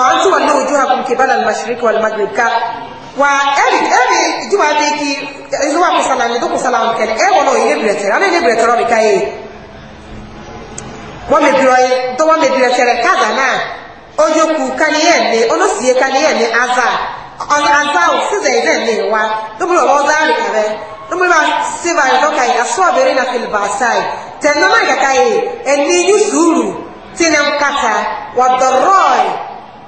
ọ̀hún tí wọ́n ní ojú àkùn kìbálà mashrik wal maghrib ká wa ẹ̀rì ẹ̀rì ìjúwà bí kí ìjúwà kùsàlà ní dókùsàlà nkẹ̀lẹ̀ ẹ̀ wọ́n náà ilé bìrẹ̀tẹ̀rẹ̀ alẹ́ ilé bìrẹ̀tẹ̀rẹ̀ ọ̀bì káyé wọ́n mẹ̀bìrọ̀ yẹ tó wọ́n mẹ̀bìrẹ̀tẹ̀rẹ̀ káàdà náà ojú kù kaniyẹ̀ ní olóṣìyẹ kaniyẹ̀ ní azà ọ̀nà azà ò sísẹ̀ ìdẹ̀ ní wa dókùrọ̀ wọ́n zárì kàrẹ́ dókùrọ̀ síbà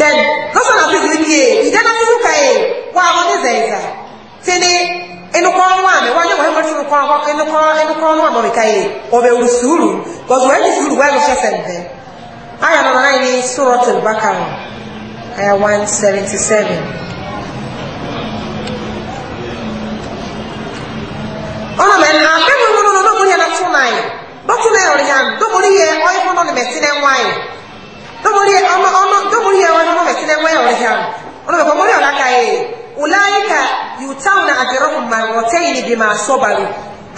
then lọ́sọ̀ náà fífi kí e ìdáná fífi ka e wọ́n àwọn ní zẹ̀ẹ̀zà tí ní inúkọ́ ọ̀nù àmì wọ́n ní wọ́n yóò tún kọ́ ọkọ́ inúkọ́ inúkọ́ ọ̀nù àmì ka e ọ̀bẹ̀ wù sùúrù gọ̀dù wẹ́n ní sùúrù wẹ́n lọ́sẹ̀ sẹ̀ǹdẹ̀ ayà nọ náà ní sùrọ̀tù bákàrọ̀ ayà one seventy seven. ọ̀nà mẹ́rin náà domori ama ama domori ya wani mo mekine mo ya wani ha ono ko mo ya la kai ulaika yutawna ajrahum marratayn bima sabaru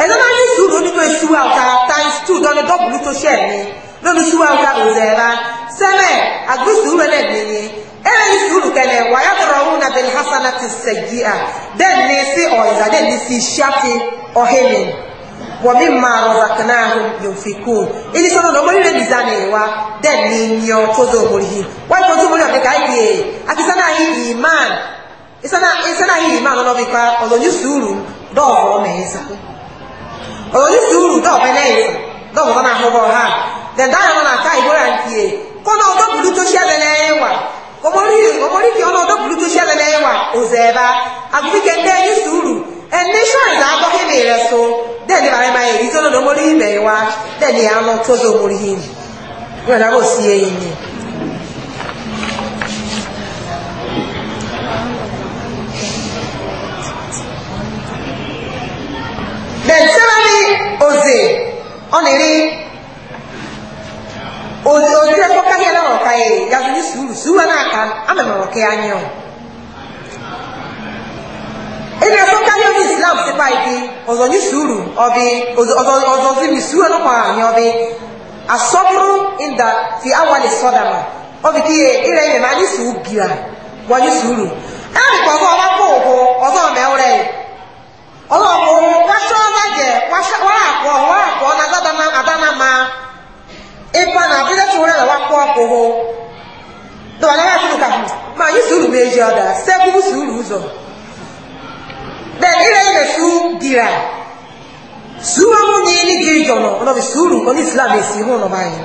ẹnu máa ní sùúrù nínú ìṣúwà ọ̀tá times two dọ́ni dọ́bùlù tó ṣẹ̀ ní lórí ìṣúwà ọ̀tá òzẹ̀ra sẹ́mẹ̀ àgbésùúrù rẹ̀ nìyí ẹ̀rẹ́ ní sùúrù kẹlẹ̀ wàyà tọrọ ọ̀hún náà bẹ̀rẹ̀ hasanati sẹ̀jì à dẹ́n ní sí ọ̀ìzà dẹ́n ní sí ṣáfi ọ̀hẹ́lẹ̀ wọ̀mí máa rọ̀bà kanáà yóò fi kú ilé sọ́nà lọ́mọ ilé nìza ni wa dẹ́n ní yan tó zó omori yìí wọ́n kò tó múlò ọ̀dẹ́ka ìdí èyí àti sọ́nà yìí ìmán ìsọ́nà yìí ìmán lọ́nà bí pa ọ̀dọ̀ ní sùúrù dọ́ọ̀bọ̀ ọmọ ẹ̀yìn sà ọ̀dọ̀ ní sùúrù dọ́ọ̀bọ̀ ẹ̀yìn sà dọ́ọ̀bọ̀ náà họ́bọ̀ ha dẹ̀ dáhà wọn àká ìgbóra ntì yẹ kọ́nà ọ̀dọ́ bùrú tó ṣẹlẹ̀ lẹ́yìn wa omori kì ọ̀nà ọ̀dọ́ bùrú tó wa òzẹ̀ bá àgùnfíkẹ́ ndẹ́ ní sùúrù ẹ̀ dẹ́ni bàrẹ́ máa yẹ ìzọ́nà ló mórí ya wa dẹ́ni àánú tó ló mórí ìmẹ̀ wọ́n náà kò Na eyín ni. bẹ̀ntẹ́rẹ́lì òzè ọ̀nìrí na òzè ẹ̀kọ́ káyẹ̀ náà ọ̀ka yẹ yàtọ̀ ní sùúrù sùúrù náà kà á mẹ̀mọ̀ ebe asọkarị onye islam sịkwa ike ọzọ nyisi uru ọbi ọzọ ziri isi uru nọkwara anyị ọbi asọpụrụ ịda fi awali sọdama ọbi ka ihe ire ime ma anyị si ugira gwa nyisi uru anyị e ka ọzọ ọba kpọ ụkwụ ọzọ meure ọzọ bụ kwasha ọba je wara akọ wara akọ na adana adana ma ịkwa na abịrịa tụrụ na wakpọ ọkụ hụ na ya tụrụ ka ma anyị si uru bụ eji ọda sekwu si uru ụzọ then ilẹ̀ ilẹ̀ su dira suwa mu nyi ni giri jɔnɔ ɔnɔ bi suuru ɔni islam esi mu ɔnɔ baa yi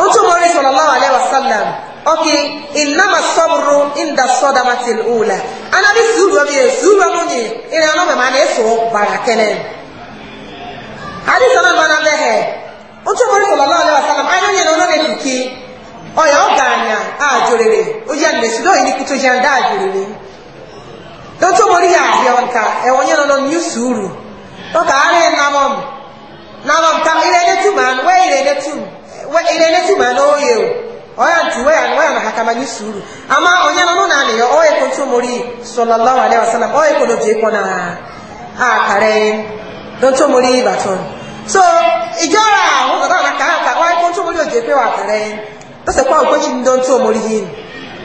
o tún mọ ní sọlọ lọwọ alẹ wa sallam ọkì ìnáma sọmúrú ìndà sọdama ti lù la anabi suuru ọbi yẹ suuru ọmu nyi ìrìn ọlọmọ ma ní sọ bara kẹlẹ adi sọlọ lọwọ alẹ hẹ o tún mọ ní sọlọ lọwọ alẹ wa sallam ayé ni ọlọmọ ní kìkì ọyọ ọgànà àjòrèrè ó yẹ àgbẹsí lóyún ní e nka ẹwọ nyẹ nọ nyi sùúrù ọkà ara nabọ nabọ nka ilẹ̀ ẹni tuma wẹ́ ilẹ̀ ẹni tum wẹ́ ilẹ̀ ẹni o hakama ama onye nọ nọ nìyọ ọyẹ kò tó mori sọlọlọwà alẹ́ wasana ọyẹ kò lójú ikọ náà a kàrẹ́ ló tó mori ìbàtọ́ so ìjọra àwọn kọ̀ọ̀kan mori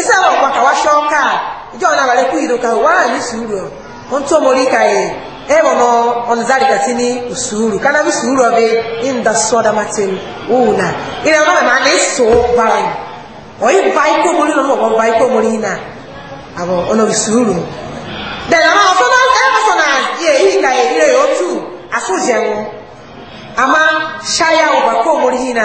isa wa kwa ka washo ijo e na bale ku iruka wa ni suru onto mori kai e bono on zari ka sini usuru kana suru soda matin una ma ni so na abo ono bi suru de na ma so na e na ye ka e, na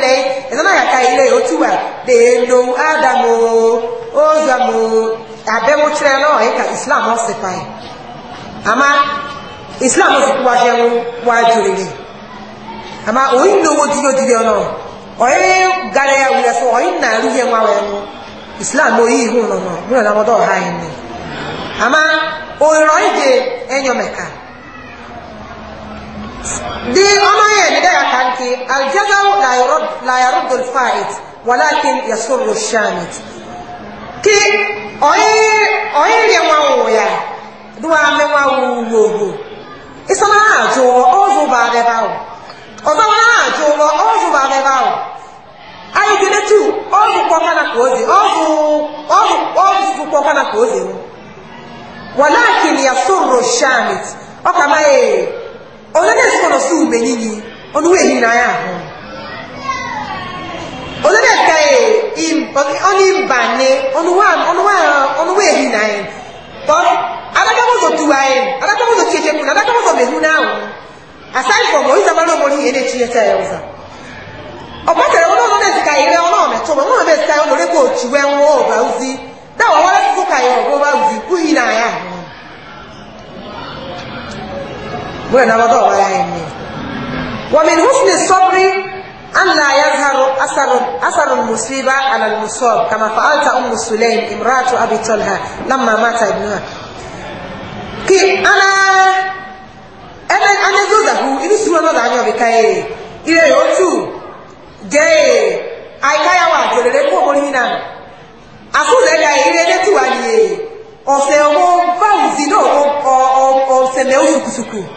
rẹ̀ na àyàká ilé otu dèèlò ádámù ózàmù àbẹ́wòtúrẹ́ náà ẹ̀ka islam ọ̀sẹ̀ pàì islam ọ̀sẹ̀ kú wájú ẹ̀rún wájú rẹ̀ àmá òyìn lówó dídó dídó ọ̀nà ọ̀yẹ́ ya wulẹ̀ fún ọ̀yìn náà rí ya wá wẹ̀rún islam òyìn ìhùn ọ̀nà na lọ́mọdọ̀ ọ̀há yẹn ni na dị di ọmọ yẹn ní dára kan ti aljazaw láyàrúdò fáìt wàlákin yasúrò shamit kí ọ̀yẹ́ rẹ̀ wọn wò ya dúwà mẹ́wàá wù yòògùn ìsọ́nà àjò ọ̀zọ̀ bá rẹ̀ bá wò ọ̀zọ̀ wọn àjò ọ̀zọ̀ bá rẹ̀ bá wò ayi gele tu ọ̀zọ̀ kọ́ kánà kò ó zè ọ̀zọ̀ ọ̀zọ̀ kọ́ kánà kò ó zè wọ́n wàlákin yasúrò shamit ọkà máa yẹ. onye na-esikọ nọ si ume nyinyi ọnụ wee hiri ahụ onye na-eka onye mbanye ọnụ wee hiri anyị na adakamụzọ mehu n'ahụ aside from onye zamara ihe na-echi eta ya ụza ọgbakere ọnụ ọnụ na-esika ire ọnụ ọmetụ ma ọnụ na ya ọnụ rekwa otu wee nwụọ ọba dawa wara sụka ya ọgbọba ahụ bóyá náà wọ́dọ̀ wáyà ẹni. wọ́n húsùn sọ́bírí anna yazharu asarun asarun musiba alal musab kama fa'alta ummu sulaim imratu abi talha lamma mata ibnuha ki ana ene ane zozahu ini suwa no danyo bikaye ile yotu je aikaya wa jolere ko morina asúlẹ̀ ẹ̀dá ilé lẹ́tù wà ní ọ̀sẹ̀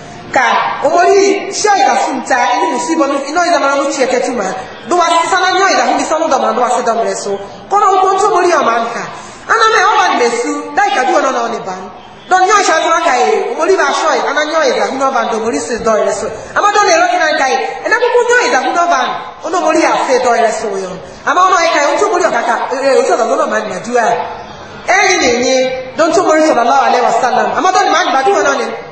ka omori shia ida funta ini musibo ino ida mara nuchi eke tuma do wa sisana nyo ida hundi sanu da ma do wa se dom reso kono uko ntu omori o man ka ana me o ban mesu dai ka duwa nona oni ban do nyo sha tuna ka e omori ba shoi ana nyo ida hundo ban do omori se do reso ama do ne ro kina ka e ena ku nyo ida hundo ban ono omori a se do reso yo ama ono e ka ntu omori o kaka e, e o so do no man na duwa e ni ni don tu omori sallallahu alaihi wasallam ama ba duwa nona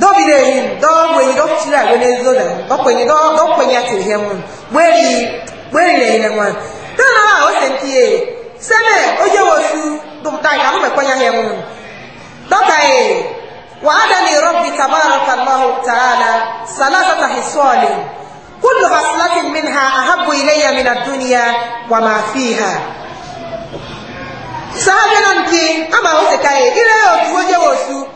dɔbire yi dɔwɔnyi dɔtira wele zo le dɔkpɛnyi dɔ dɔkpɛnya ti hɛ mu weli weli le yi le mu tana la o se ti ye sɛmɛ o yɛ wo su dɔkuta yi alo mɛ kɔnya hɛ mu dɔka ye wa adani rɔbi tabaara kalahu taala salasa tahi sɔɔli kullu basilati minha ahabu ilayya min aduniya wa ma fiha sahabi nan ti ama o se ka ye ire o tu o yɛ wo su.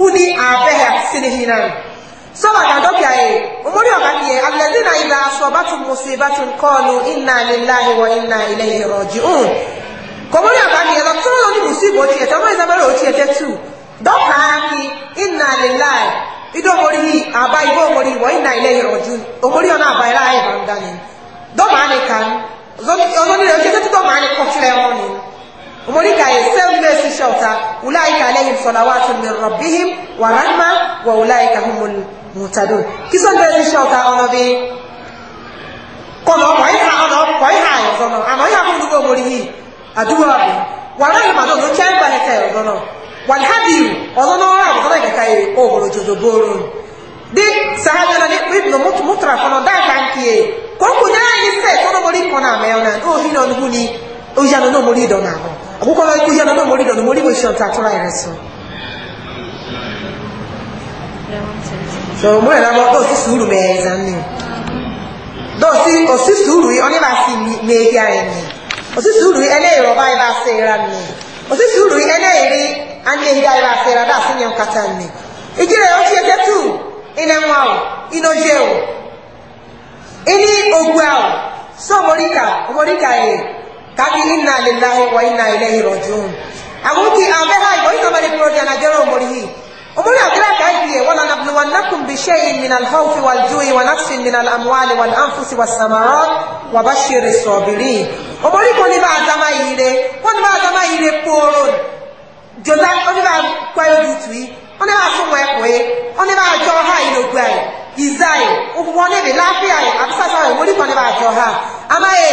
huni afehe sinihinan sọ́wọ́ àdàdọ́kìá yìí omori ọ̀gá ni yẹ alẹ́dínà ìlà aṣọ bá tún mú sí bá tún kọ́ọ̀lù iná níláhi wọ iná ilẹ̀ ìrọ̀jì ọ̀hún kòmori ọ̀gá ni yẹ lọ tún lóní mùsùlùmí òtí ẹ̀tẹ́ ọmọ ìsàmọ́lẹ̀ òtí ẹ̀tẹ́ tù dọ́kà ákì iná níláhi idó omori yìí àbá ibó omori wọ iná ilẹ̀ ìrọ̀jì omori ọ̀nà àbá ilá ayé bàndá ni dọ́mà á ní kan ọ̀zọ́ umurika yasem besi shauta ulaika alayhim salawatu min rabbihim wa rahma wa ulaika humul muhtadun kisan besi shauta ono bi kono koi ha ono koi ha yo ono ano ya ko dugo murihi aduwa bi wa rahma no chamba ne kai ono wal hadi ono wa ono ne kai o boro jojo boro di sahaba na ibnu mutra kono da kankie ko ko na ni se kono mori kona me ona o hino ni huni o ya no mori do na ho akókò náà ikú yánà náà mórí dọ̀nà mórí wò ṣàn tàtúrà rẹ̀ sọ ṣọ̀rọ̀ mọ́ ẹ̀rọ ọmọ tó sí sùúrù mẹ́ẹ̀ẹ́dá ní dọ́ọ̀sí òsí sùúrù yìí ọ́nìbà sí méjì ààrẹ ni òsí sùúrù yìí ẹlẹ́ ìrọ̀bá ibà sí ìra ni òsí sùúrù yìí ẹlẹ́ ìrí anẹ́hìdá ibà sí ìra dáàsí ní ọkàtà ni ìjì rẹ̀ ó ti ẹgbẹ́ tù iná ń wà ó iná jẹ́ ó iní ogun à ó sọ ọmọríkà ọmọríkà yìí tàbí iná lèláhì wà iná ilẹ̀ ìrọ̀jùn àwọn ti àwọn ẹ̀hà ìwọ̀ ìtọ́ bẹ̀rẹ̀ kúrò jẹ́ nàgẹ́rẹ́ òmòrì yìí òmòrì àkírà káàkiri ẹ̀wọ́n na nàbùnú wọn nàkùn bí ṣe in minal haufi wal juyi wa nafsi minal amuwali wal anfusi wa samara wa bá ṣe rè sọ̀bìrì òmòrì kò ní bá adama yìí rè wọ́n ní bá adama yìí rè kóró jọlá wọ́n ní bá kọ́ ẹ̀ dùtù yìí wọ́n ní bá fún wọn ẹ̀kọ́ yìí wọ́n ní bá jọ ha ìlògbà yìí ìzà yìí òkùnkùn wọn ní bá láfíà yìí àbísàsà kò ní bá jọ ha amáyé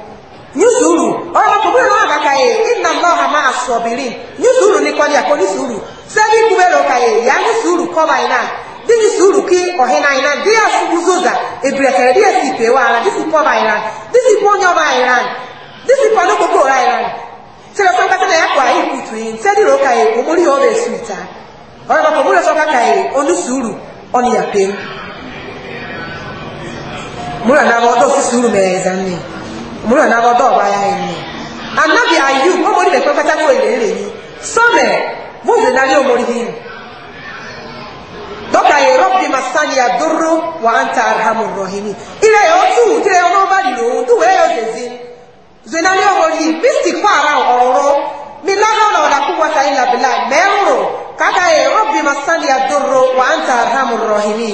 ní sùúrù ọ̀rọ̀ ọkùnrin náà kàkà yẹ ìnà lọ́ha máa sọ bìrì ní sùúrù ní kọ́ni ẹ̀kọ́ ní sùúrù sẹ́ni kúbẹ̀rẹ̀ ọkà yẹ ìyá ní sùúrù kọ́ba iná bí ní sùúrù kí ọ̀hìn náà iná bí àsùnkú zòzà èbìrẹ̀kẹ̀rẹ̀ díẹ̀ sì pè wá ara dísì ọba omúlò náà bọ́ dọ́ọ̀bá ya ẹni anabi ayu ọmọ onílẹ̀ pẹ́pẹ́tẹ́ kó èrè èrè ni sọ́mẹ̀ bóòzù náà ọmọ orí yìí dọ́kà yẹ rọ́bì masani adóró wà á ń ta arahamu o ilẹ̀ yóò tù tilẹ̀ ọmọ bá lò ó tù wẹ́ẹ́ yóò zèzí zenani o orí yìí bísí kó ara ọ̀rọ̀ mi lára ọ̀nà ọ̀dà kó wọ́ta ilà bìlà mẹ́rù kàkà yẹ rọ́bì masani adóró wà á ń ta arahamu rọ̀hìnì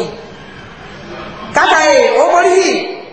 kàkà yẹ ọmọ orí yìí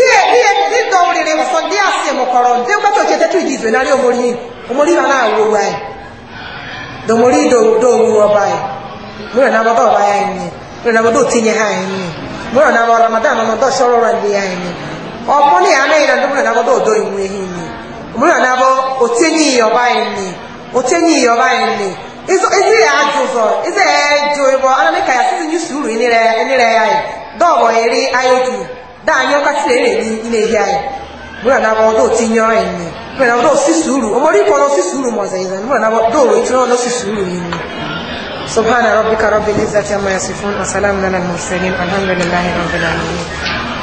iye iye ndọ ọsọ ndị asị mụkọrọ ndị mgbata oche iji izwe narị omori omori ma na-awụ anyị domori do ọba anyị mụrụ na ọba ya anyị mụrụ na otinye ha anyị mụrụ na ramadan ọdọ ụra ndị ya anyị ọkpọ na ya anaghị na ndị anyị mụrụ na otinye ọba anyị otinye iyi ọba anyị ezi ya ya ajụ dáa yọ kásì èrè ní ilé ìyá ẹ̀ múlẹ̀ náà wọ́n dóò ti yan ẹ̀ ni múlẹ̀ náà dóò sí sùúrù ọmọ orí kan lọ sí sùúrù mọ̀ọ́sẹ̀ yìí múlẹ̀ náà dóò rò ìtura lọ sí sùúrù yìí ni. subhana rabbika rabbil izzati amma yasifun wa salamun ala al-mursalin alhamdulillahi rabbil alamin